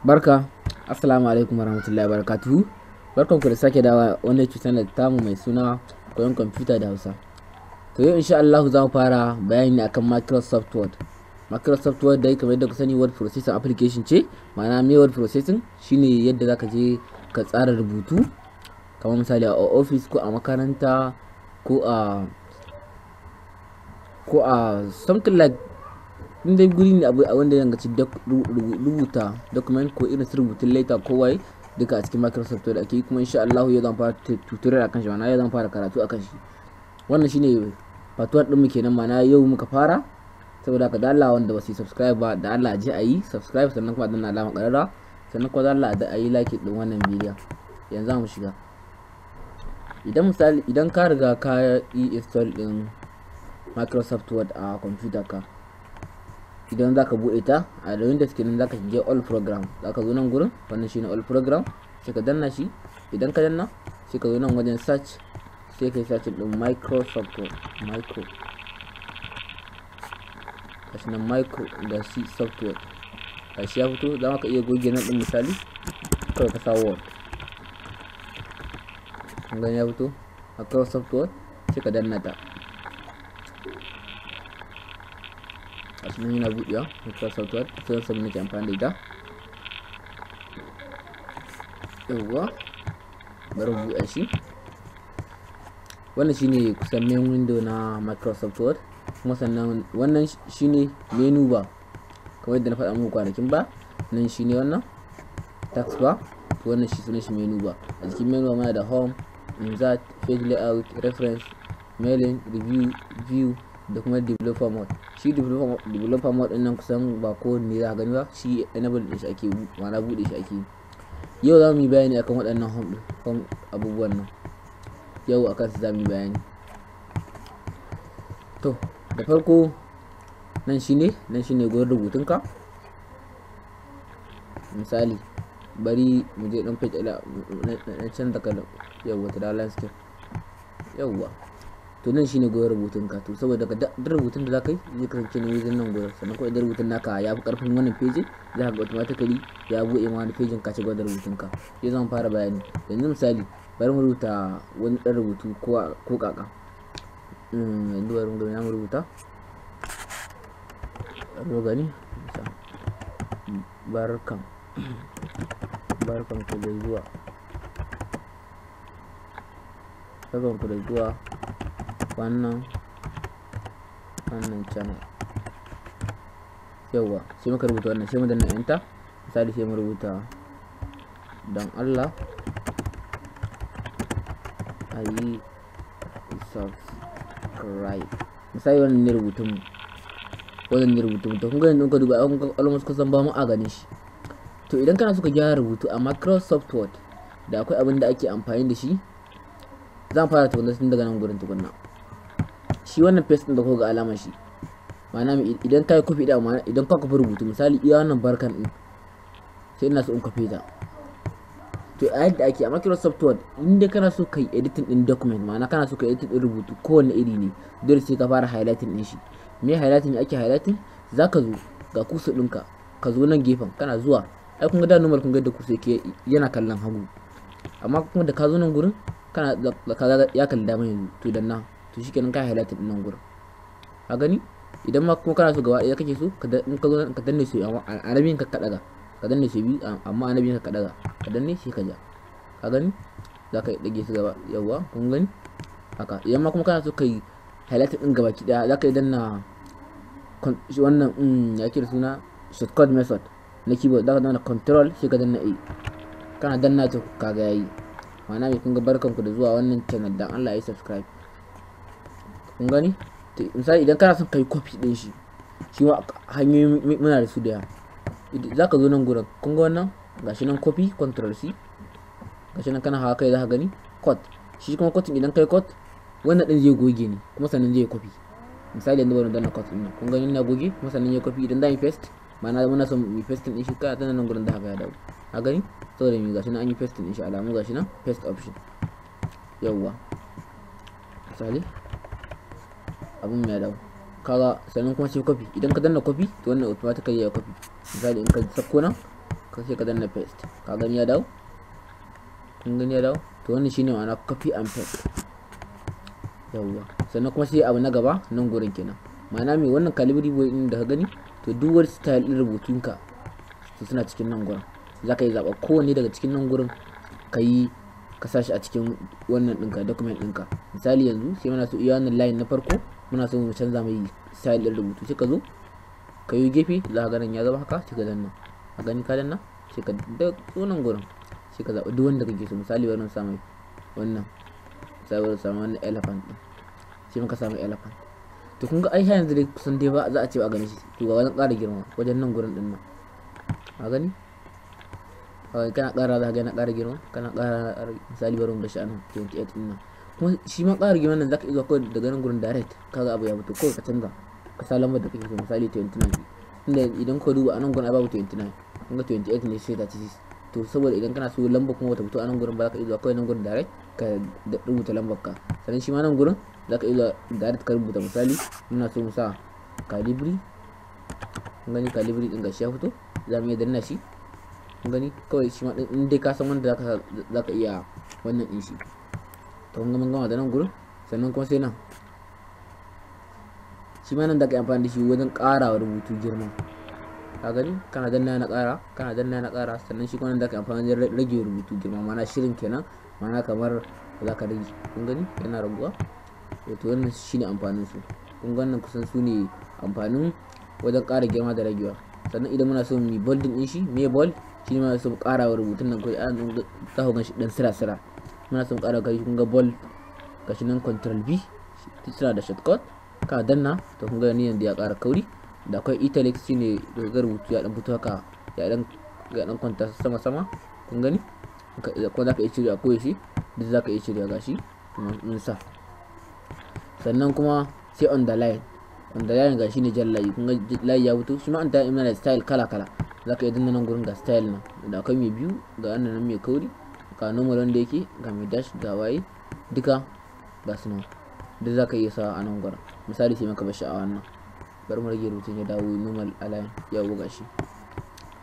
barka assalamu alaikum warahmatullahi wabarakatuhu barkanku da sake dawa wannan cutar da tamu mai suna koyon kwamfuta da hausa to yau insha Allah za mu fara bayani akan Microsoft Word Microsoft Word dai kamar yadda ku sani word processing application ce ma'ana me word processing shine yadda za ka je ka tsara rubutu kamar misali a ofis, ko a makaranta ko a ko a something like in dai guri ne abu wanda ya ci rubuta document ko irin rubutun laita ko wai duka a cikin microsoft da ake kuma insha Allah ya zan fara tutorial akan shi ma'ana ya zan fara karatu akan shi wannan shine part 1 din mu kenan ma'ana yau muka fara saboda ka da Allah wanda ba su subscribe ba da Allah ji ayi subscribe sannan kuma danna alamar karara sannan kuma da Allah da ayi like din wannan video yanzu mu shiga idan misali idan ka riga ka yi install din microsoft word a computer ka idan zaka buɗe ta a da windows kenan zaka je all program zaka zo nan gurin wannan shine all program sai ka danna shi idan ka danna sai ka zo nan wajen search sai ka search din microsoft micro gashi na micro da shi software shi ya fito za ka iya goge nan din misali kawai ka sa word kun ya fito a software sai ka danna ta a cikin yana buɗewa hotel software sai sabbin nake amfani da ita yawwa bari mu buɗe shi wannan shine kusan main window na microsoft word kuma sannan wannan shine menu ba kamar yadda na faɗa muku kwanakin ba nan shine wannan tax bar to wannan shi sunan shi menu ba a cikin menu bar muna da home insert page layout reference mailing review view da kuma developer mode shi developer mode din nan kusan ba ne za a gani ba shi enable din shi ake mana bude shi ake yau za mu yi bayani akan waɗannan home abubuwan nan yau akan su za mu yi bayani to da farko nan ne nan shine rubutun rubutunka misali bari mu je dan page na canza kalan yau wata da landscape yauwa to nan shine goyon rubutun ka to saboda ka da rubutun da zaka yi zai kasance ne wajen nan goyon sannan kuma idan rubutun naka ya fi karfin wannan pejin za ka ga automatically ya buɗe ma wani pejin ka ci gaba da rubutun ka sai zan fara bayani yanzu misali bari mu rubuta wani ɗan rubutu ko ko kaka hmm, yanzu bari mu ga na mu rubuta mu gani barkan barkan ku da zuwa barkan ku da zuwa wannan wannan channel yauwa sai muka rubuta wannan sai mu danna enter misali sai mu rubuta don Allah ayi subscribe misali wannan ne rubutun wannan ne rubutun to kun ga yanzu ka duba almost kusan ba mu a gane shi to idan kana so ka gyara rubutu a Microsoft Word da akwai abin da ake amfani da shi zan fara tukunna tun daga nan gurin tukunna shi wannan paste din da kuka ga alamar shi ma'ana idan ka yi copy da ma'ana idan ka copy rubutu misali iya wannan barkan din sai ina so in copy da to a yadda ake a Microsoft Word inda kana so kai editing din document ma'ana kana so kai editing din rubutu kowane iri ne dole sai ka fara highlighting din shi me highlighting ake highlighting zaka zo ga kusa ɗinka ka zo nan gefen kana zuwa ai kun ga da numar kun ga da kusa yake yana kallon hagu amma kuma da ka zo nan gurin kana ya kalli dama yanzu to dan nan to shikenan ka highlight din nan gurin ka gani idan ma kuma kana so gaba ɗaya kake so in ka zo ka danne su amma anabin ka kadaga ka danne su bi amma anabin ka kadaga ka danne shi ka ja ka gani za ka dage su gaba yawa kun gani haka idan ma kuma kana so kai highlight din gaba ki daya za ka danna wannan mm, ya kira suna shortcut method na keyboard za ka danna control shi ka danna a kana danna ta kaga yayi ma'ana mai kun ga barkanku da zuwa wannan channel dan Allah ya subscribe kun gani misali idan kana son kai copy din shi shi ma hanyoyi muna da su da yawa za ka zo nan gurin kun ga wannan gashi nan copy control c gashi nan kana hawa kai za ka gani code shi kuma code idan kai code wannan din zai goge ne kuma sannan zai copy misali yanzu wannan danna code kun gani na goge kuma sannan zai copy idan da paste ma'ana muna son mu paste din shi ka tana nan gurin da haka ya dawo a gani saboda me gashi nan an yi paste din shi alamu gashi nan paste option yawwa misali abun ya dawo kaga sannan kuma sai copy idan ka danna copy to wannan automatically ya copy misali in ka sako nan ka sai ka danna paste ka gani ya dawo kun gani ya dawo to wannan shine ma'ana copy and paste yawwa sannan kuma sai abu na gaba nan gurin kenan ma'ana mai wannan calibri boy din da ka gani to duk wani style din rubutunka su suna cikin nan gurin za ka yi zaɓa kowanne daga cikin nan gurin ka yi ka sashi a cikin wannan ɗinka document ɗinka misali yanzu sai muna so iya wannan line na farko muna so mu canza mai style din rubutu sai ka zo ka yi gefe za ka ganin ya zama haka shi ka zanna a gani ka danna sai ka da tsunan gurin sai ka zaɓi duk wanda kake so misali wannan samu wannan sai wannan samu wannan elephant din sai muka samu elephant to kun ga ai har yanzu dai kusan dai ba za a ce a gani shi to ga wannan ƙara girma wajen nan gurin din nan a gani kana ƙara za ka ga yana ƙara girma kana ƙara misali barin da sha'anin 28 din nan kuma shi ma ƙara game nan zaka iya kawai daga nan gurin direct kaga abu ya mutu kawai ka canza ka sa lambar da kake so misali 29 inda idan ka duba anan gurin babu 29 kuma 28 ne sai ci to saboda idan kana so lambar kuma wata fito anan gurin ba zaka iya kawai nan gurin direct ka rubuta lambar ka sannan shi ma nan gurin zaka iya direct ka rubuta misali muna so mu sa calibri kun gani calibri din gashi ya fito za mu iya danna shi kun gani kawai shi ma in dai ka san wanda zaka zaka iya wannan din shi to kun ga ada gama guru nan gurin sannan kuma sai mana shi yang nan da ka amfani da shi wajen ƙara wa rubutu girma ka gani kana dan na ƙara kana danna na ƙara sannan shi kuma nan da ka amfani da rage rubutu girma mana shirin kenan mana kamar za ka rage kun gani yana raguwa to wannan shine amfanin su kun ganin kusan su ne amfanin wajen ƙara girma da ragewa sannan idan muna so mu bolding din shi me bold shi ne muna so mu ƙara wa rubutun nan kai an shi dan sira sira muna son kara kai kun ga ball gashi nan control b tsira da shortcut ka danna to kun ga ni yanda ya kara kauri da akwai italic shine daga rubutu ya dan fito haka ya dan ya dan kwanta sama sama kun gani ko zaka iya cirewa ko shi duk zaka iya cirewa gashi mun sa sannan kuma sai on the line on the line gashi ne jan layi kun ga layi ya fito shi ma an ta imana style kala kala zaka yi danna nan gurin ga style nan da akwai mai biyu ga nan mai kauri ga numar wanda yake ga mai dash ga waye duka ga su nan duk za ka iya sawa a nan gwara misali sai maka bashi a wannan bari mu rage rubutun ya dawo normal align ya buga shi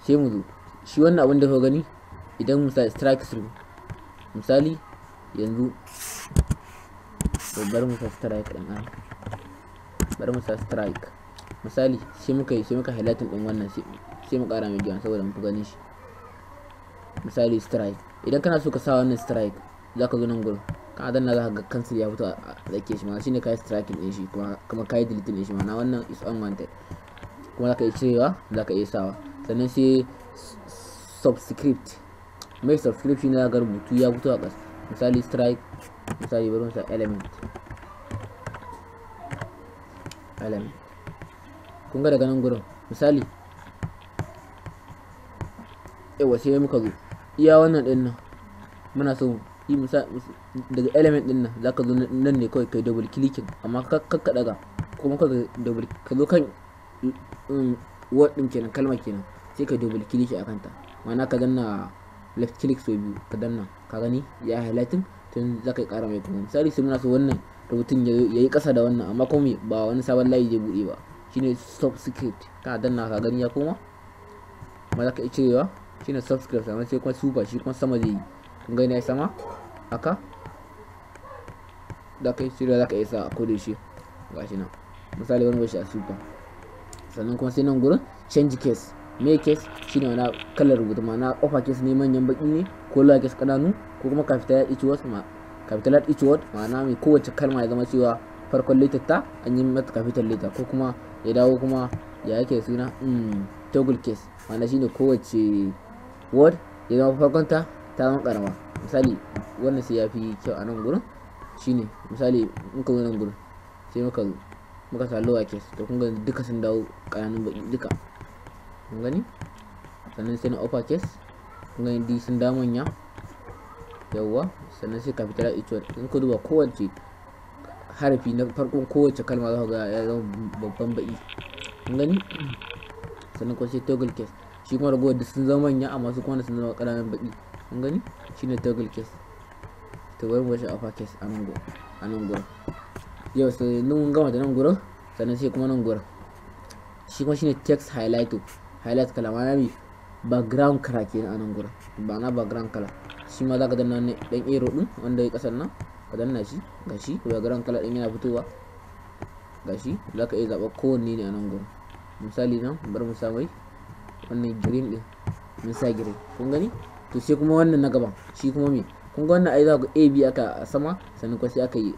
sai mu zo shi wannan abin da ka gani idan misali strike through misali yanzu bari mu sa strike din an bari mu sa strike misali sai muka yi shi muka highlight din wannan sai mu kara mai gyan saboda mu fi ganin shi misali strike idan kana so ka sa wannan strike za ka zo nan gurin ka na za ka ga cancel ya fito a tsakiyar shi ma shine kai strike din shi kuma kai delete din shi ma na wannan is unwanted kuma za ka iya cirewa za ka iya sawa sannan sai subscript mai subscript shi na ga rubutu ya fito a ƙasa misali strike misali bari sa element element kun ga daga nan gurin misali yawa sai muka zo iya wannan din nan muna so yi daga element din nan zaka zo nan ne kawai kai double clicking amma kakka daga kuma ka double ka zo kan mm, word din kenan kalma kenan sai ka double click a kanta ma'ana ka danna left click so biyu ka danna ka gani ya highlighting tun za ka yi kara mai kuma misali sai muna so wannan rubutun ya yi kasa da wannan amma kuma ba wani sabon layi zai buɗe ba shine subscript ka danna ka gani ya koma ma za ka iya cirewa shine subscribe sannan sai kuma super shi kuma sama zai yi kun gani ya sama haka da kai shi za ka sa a kodin shi ga shi nan misali wani bashi a super sannan kuma sai nan gurin change case me case shine wani kalar rubutu ma na kofa case ne manyan baki ne ko lower case kananu ko kuma capital each word ma capital each word ma'ana mai kowace kalma ya zama cewa farkon letter ta an yi mata capital letter ko kuma ya dawo kuma ya yake suna hmm, toggle case ma'ana shine kowace word ya zama farkon ta zama karama misali wannan sai ya fi kyau a nan gurin shine misali muka zo nan gurin sai muka zo muka sa lower case to kun ga duka sun dawo kananun baki duka kun gani sannan sai na upper case kun gani d sun dawo manya yawwa sannan sai capital h in ku duba kowace harafi na farkon kowace kalma za ku ga ya zama babban baki kun gani sannan kuma sai toggle case shi kuma ragowar da sun zama manya amma su kuma sun zama karamin baƙi kun gani shine toggle case to bari mu shi alpha case a nan gurin a nan yau sai yanzu mun gama da nan gurin sannan sai kuma nan gurin shi kuma shine text highlight highlight kala ma nabi background kala kenan a nan gurin ba na background kala shi ma zaka danna ne dan arrow din wanda ya kasan nan ka danna shi gashi background kala din yana fitowa gashi zaka iya zaba kowanne ne a nan gurin misali nan bar mu samai wannan green din mun sa green kun gani to sai kuma wannan na gaban shi kuma me kun ga wannan ai za ku AB aka sama sannan kuma sai aka yi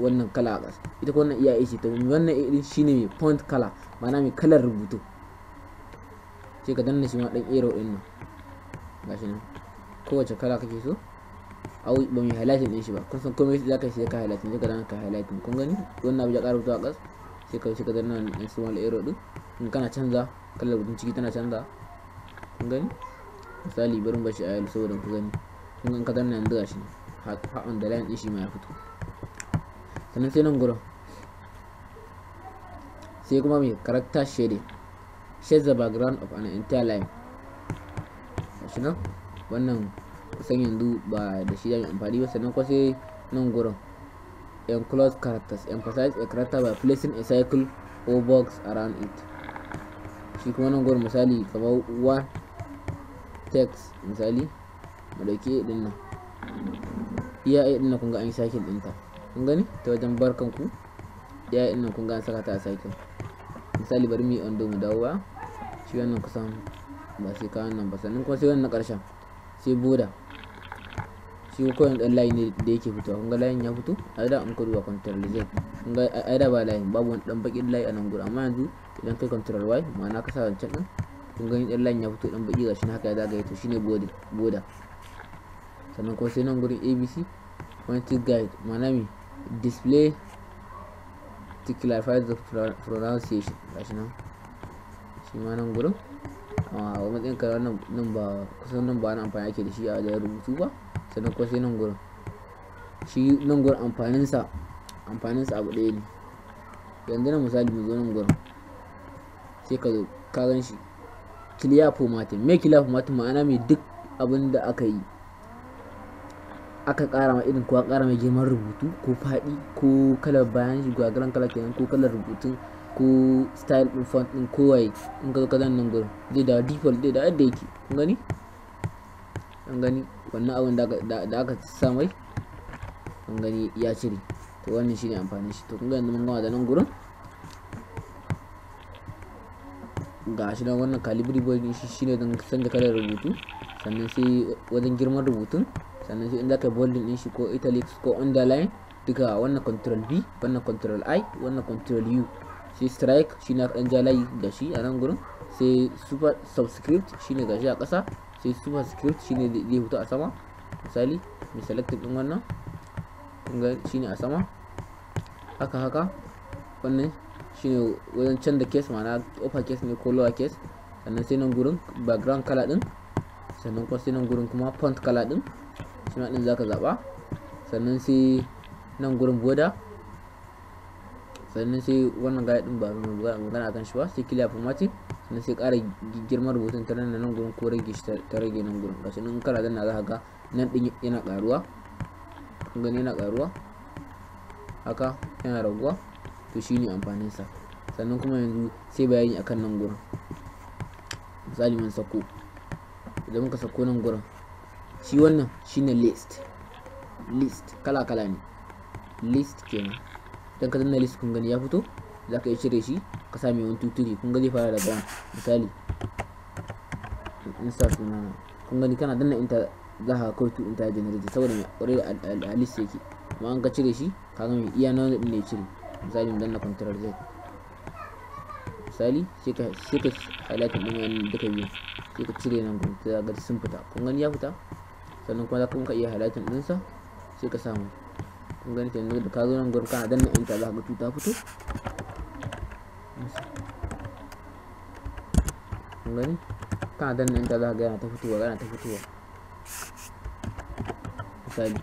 wannan kala a ƙasa ita kuma wannan iya AC to wannan A din shine mai font kala ma'ana mai kalar rubutu sai ka danna shi ma dan arrow din nan gashi nan kowace kala kake so a wuyi ba mai highlighting din shi ba kun san komai za ka sai ka highlighting sai ka danna ka highlighting kun gani wannan abu ya ƙara rubutu a ƙasa sai ka sai ka danna nan small arrow din in kana canza kalar rubutun ciki tana canza kun gani misali barin bashi a yalu saboda ku gani kun gan kazan nan yanzu gashi ha on the line din shi ma ya fito sannan sai nan gurin sai kuma mai character shade. shades the background of an entire line gashi nan wannan kusan yanzu ba da shi zai amfani ba sannan kuma sai nan gurin enclose characters emphasize a character by placing a circle or box around it shi kuma nan gurin misali kamar wa text misali mu dauki din nan iya din nan kun ga an yi sakin din ta kun gani ta wajen barkan ku iya din nan kun ga an saka ta a sakin misali bari mu yi undo mu dawo ba shi wannan kusan ba sai ka wannan ba sannan kuma sai wannan karshen sai boda shi ko yan dan line ne da yake fitowa kun ga line ya fito a da an ka duba control z ai da ba layin babu wani dan bakin layi a nan gudu amma yanzu idan kai control y ma'ana ka sa wancan din kun gani dan layin ya fito dan baki gashi haka ya zagaye to shine border sannan kuma sai nan gurin abc quantity guide ma'ana me display to clarify the pronunciation gashi nan shi ma nan gurin a matsayin ka nan ba kusan nan ba na amfani ake da shi a wajen rubutu ba sannan kuma sai nan gurin shi nan gurin amfaninsa amfanin sa abu ɗaya ne yanzu na misali mu zo nan gurin sai ka zo ka gan shi kiliya fomatin me kiliya fomatin ma'ana mai duk abin da aka yi aka ƙara ma irin ko an ƙara mai girman rubutu ko faɗi ko kalar bayan shi gwagaran kala kenan ko kalar rubutun ko style ɗin font ɗin kowaye in ka zo ka zan nan gurin zai da default zai da yadda yake kun gani an gani wannan abin da aka samai an gani ya cire to wannan shine amfanin shi to kun ga yanzu mun gama da nan gurin ga shi nan wannan calibri board shi shine don sanda kalar rubutu sannan sai wajen girman rubutun sannan sai inda kai bolding din shi ko italics ko underline duka wannan control B wannan control I wannan control U sai strike shi na ɗan jalayi da shi a nan gurin sai super subscript shine gashi a ƙasa sai super script shine zai hutu a sama misali mai selected din wannan shine a sama haka haka wannan shine wajen canza case ma'ana upper case ne ko lower case sannan sai nan gurin background color din sannan kuma sai nan gurin kuma font color din suna din zaka zaba sannan sai nan gurin border sannan sai wannan ga din ba magana kan shi ba sai clear formatting sannan sai ƙara girman rubutun ta nan nan gurin ko rage shi ta rage nan gurin gashi nan kana dan na za ka ga nan din yana ƙaruwa kun gani yana ƙaruwa haka yana raguwa to shine amfanin sa sannan kuma yanzu sai bayani akan nan gurin misali mun sako idan muka sako nan gurin shi wannan shine list list kala kala ne list kenan idan ka danna list kun gani ya fito zaka iya cire shi ka sa mai 1 2 3 kun gani zai fara daga misali in sa suna kun gani kana danna inta za ka kawai to inta generate saboda mai already a list yake Kuma an ka cire shi ka gami iya na ne cire misali dan na control z misali sai ka sai ka highlight din wannan duka biyu sai ka cire nan gudu sai ga sun fita kun gani ya fita sannan kuma za ka iya highlight din sa sai ka samu kun gani kenan da ka zo nan gudu kana danna enter za ka ga ta fito kun gani kana danna enter za ka ga yana ta fitowa yana ta fitowa misali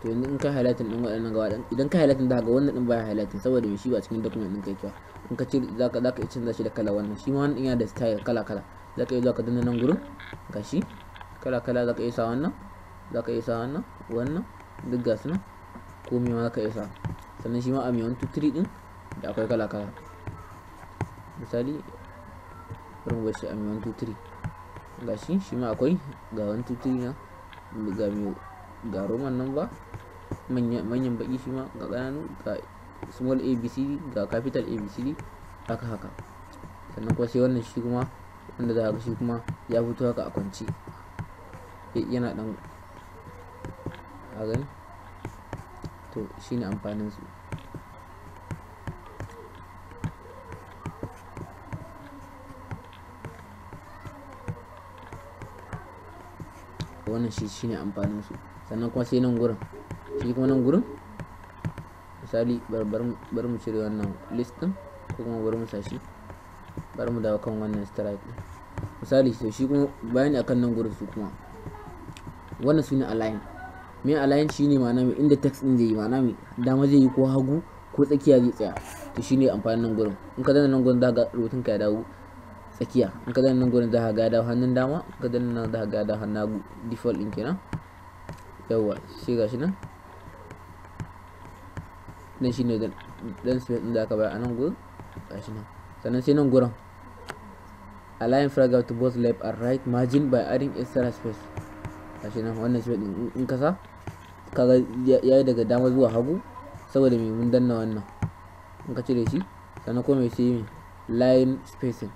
to in ka highlighting din waɗannan gaba ɗin idan ka highlighting da ga wannan din baya highlighting saboda me shi ba cikin document din kai kyau in ka ce zaka zaka canza shi da kala wannan shi ma wannan yana da style kala kala zaka yi zuwa danna nan gurin gashi kala kala zaka iya sa wannan zaka sa wannan wannan duk gasu nan komai ma zaka iya sa sannan shi ma a mai 1 din da akwai kala kala misali bari mu a mai 1 gashi shi ma akwai ga 1 na ga mai ga roman nan ba manyan baki shi ma ga ƙananu ga small abcd ga capital abcd haka haka sannan kuma sai wannan shi kuma wanda za ka shi kuma ya fito haka a kwance yana dan a to shine amfanin su wannan shi ne amfanin su sannan kuma sai nan gurin shi kuma nan gurin misali bari mu cire wannan list din ko kuma bari mu sashi bari mu dawo kan wannan strike din misali so shi kuma bayani akan nan gurin su kuma wannan su ne align me align shine ma'ana mai inda text din zai yi ma'ana mai dama zai yi ko hagu ko tsakiya zai tsaya to shine amfanin nan gurin in ka danna nan gurin za ka rubutun ka ya dawo tsakiya in ka danna nan gurin za ka ga dawo hannun dama in ka danna nan za ka ga dawo hannun hagu default din kenan yawwa sai gashi nan nan shine dan space din da aka bayar a nan gurin gashi nan sannan sai nan gurin align fragment to both left and right margin by adding extra space gashi nan wannan shi din in kasa kaga yayi daga dama zuwa hagu saboda me mun danna wannan in ka cire shi sannan kuma mai sai line spacing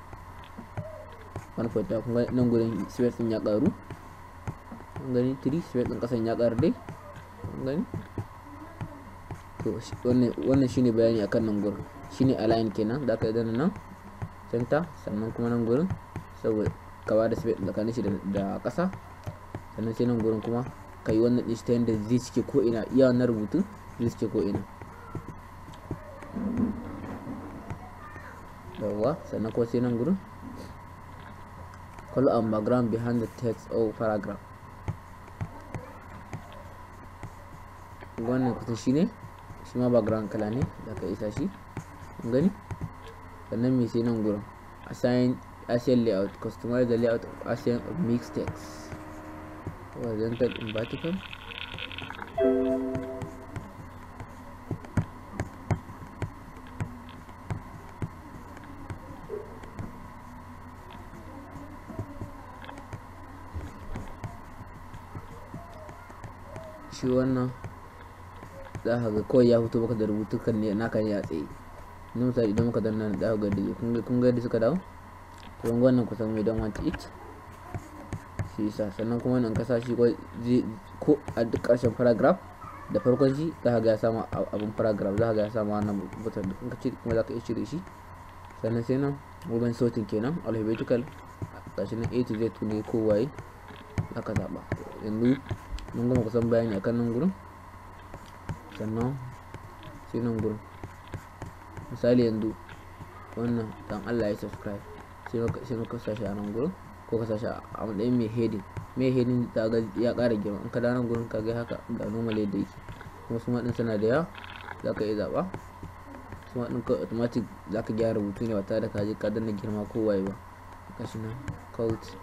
wani kwata kuma nan gudun space din ya karu an gani 3 space din kasan ya karu dai an gani to wannan shine bayani akan nan gurin shine align kenan da aka yi nan center sannan kuma nan gurin saboda ka ba da space tsakanin shi da ƙasa sannan sai nan gurin kuma ka yi wannan ɗin ta yadda zai cike ko ina iya wannan rubutun zai cike ko ina yawwa sannan kuma sai nan gurin color background behind the text or paragraph wannan kusan shine shi ma background kala ne za ka isa shi kun gani sannan mai sai nan gurin assign asian layout customize the layout of asian of mixed text horizontal in vertical shi wannan za ga kawai ya fito baka da rubutu kan ne naka ne a tsaye yanzu misali idan muka danna za ka ga da kun ga da suka dawo to kun wannan kusan mai don it shi sannan kuma nan kasa shi ko a duk ƙarshen paragraph da farkon shi za ka ga ya samu abun paragraph za ka ga ya samu wannan button da cire kuma za ka iya cire shi sannan sai nan wurin sorting kenan alphabetical gashi nan a to z ne ko y za ka yanzu mun gama kusan bayani akan nan gurin sannan sai nan gurin misali yanzu wannan dan Allah ya subscribe sai muka sashi a nan gurin ko ka sashi a matsayin mai heading mai heading ta ga ya kara girma in ka da nan gurin ka ga haka ga normal yadda yake kuma su maɗin suna da yawa za ka iya zaɓa su maɗin ka automatic za ka gyara rubutu ne ba tare da ka je ka danna girma ko waye ba shi nan cult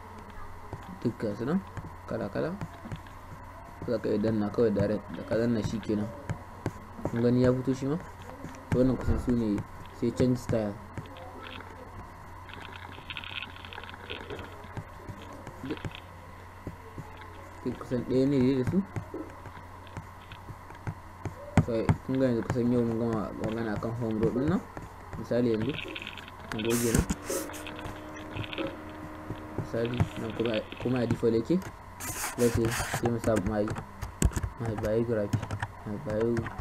duka gasu nan kala kala za ka iya danna kawai direct da ka danna shi kenan gani ya fito shi ma wannan kusan su ne sai change style kusan ɗaya ne da su kun gani yanzu kusan yau mun gama magana akan home road din nan misali yanzu goge nan misali nan kuma a default yake zai sai mu sa mai mai biography mai biography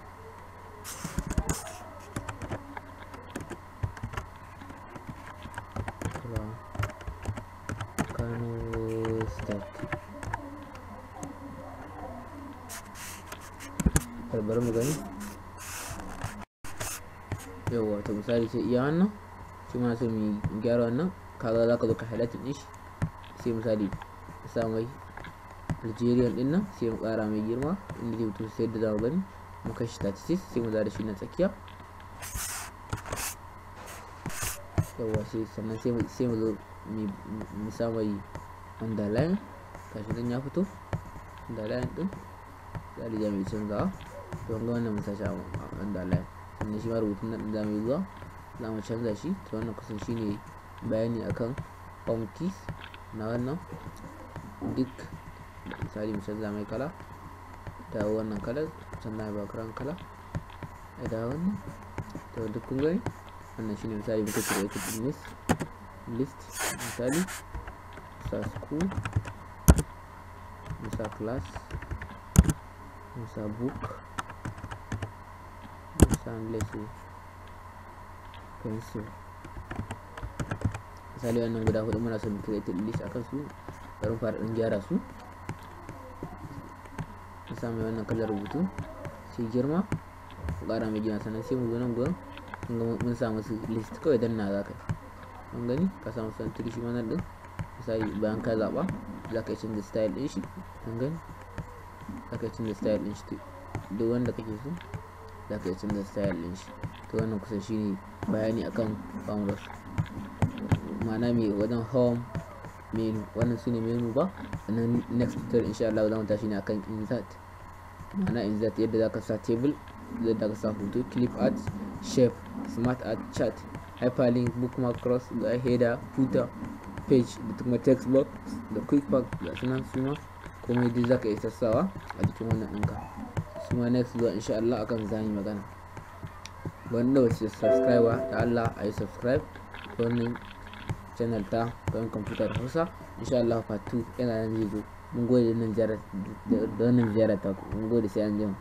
sai iya wannan shi ma sai mu gyara wannan kaga za ka zo ka halatta din shi sai misali sa mai algerian din nan sai mu kara mai girma inda zai mutu sai da za mu gani mu kashi 36 sai mu zara shi na tsakiya yawa sai sannan sai mu zo mu sa mai underline kashi nan ya fito underline din zali za mu yi canzawa don ga wannan mu sashi a underline sannan shi ma rubutun nan za mu yi zuwa za mu canza shi to wannan kusan shine bayani akan home keys na wannan duk misali mu canza mai kala ta wannan kalar sannan ba background kala a da wannan to duk kun gani wannan shine misali muka ce yake list list misali sa school sa class sa book sa lesson pencil misali wannan guda hudu muna son created list akan su bari fara din gyara su mu sa wannan kalar rubutu sai girma ku kara mai gina sannan sai mu zo nan gurin kun ga mun samu su list kawai danna za zaka mun gani ka samu san santiri shi wannan din misali bayan ka zaba za ka yi canza style din shi kun gani za ka yi canza style din shi duk wanda kake so za ka yi canza style din shi to wannan kusan shine bayani akan founders ma'ana mai wajen home main wannan su ne menu ba sannan next tutorial insha Allah zamu tashi ne akan insert ma'ana insert yadda za ka sa table yadda zaka sa hoto clip art shape smart art chart hyperlink bookmark cross da header footer page da kuma text box da quick pack da sunan suma komai duk za ka iya sassawa a cikin wannan ɗinka suma next zuwa insha Allah akan zani magana wanda wasu subscriber da Allah a yi subscribe domin channel ta don kwamfutar hausa insha Allah fatu yana nan zai zo mun gode da wannan ziyara ta mun gode sai an jima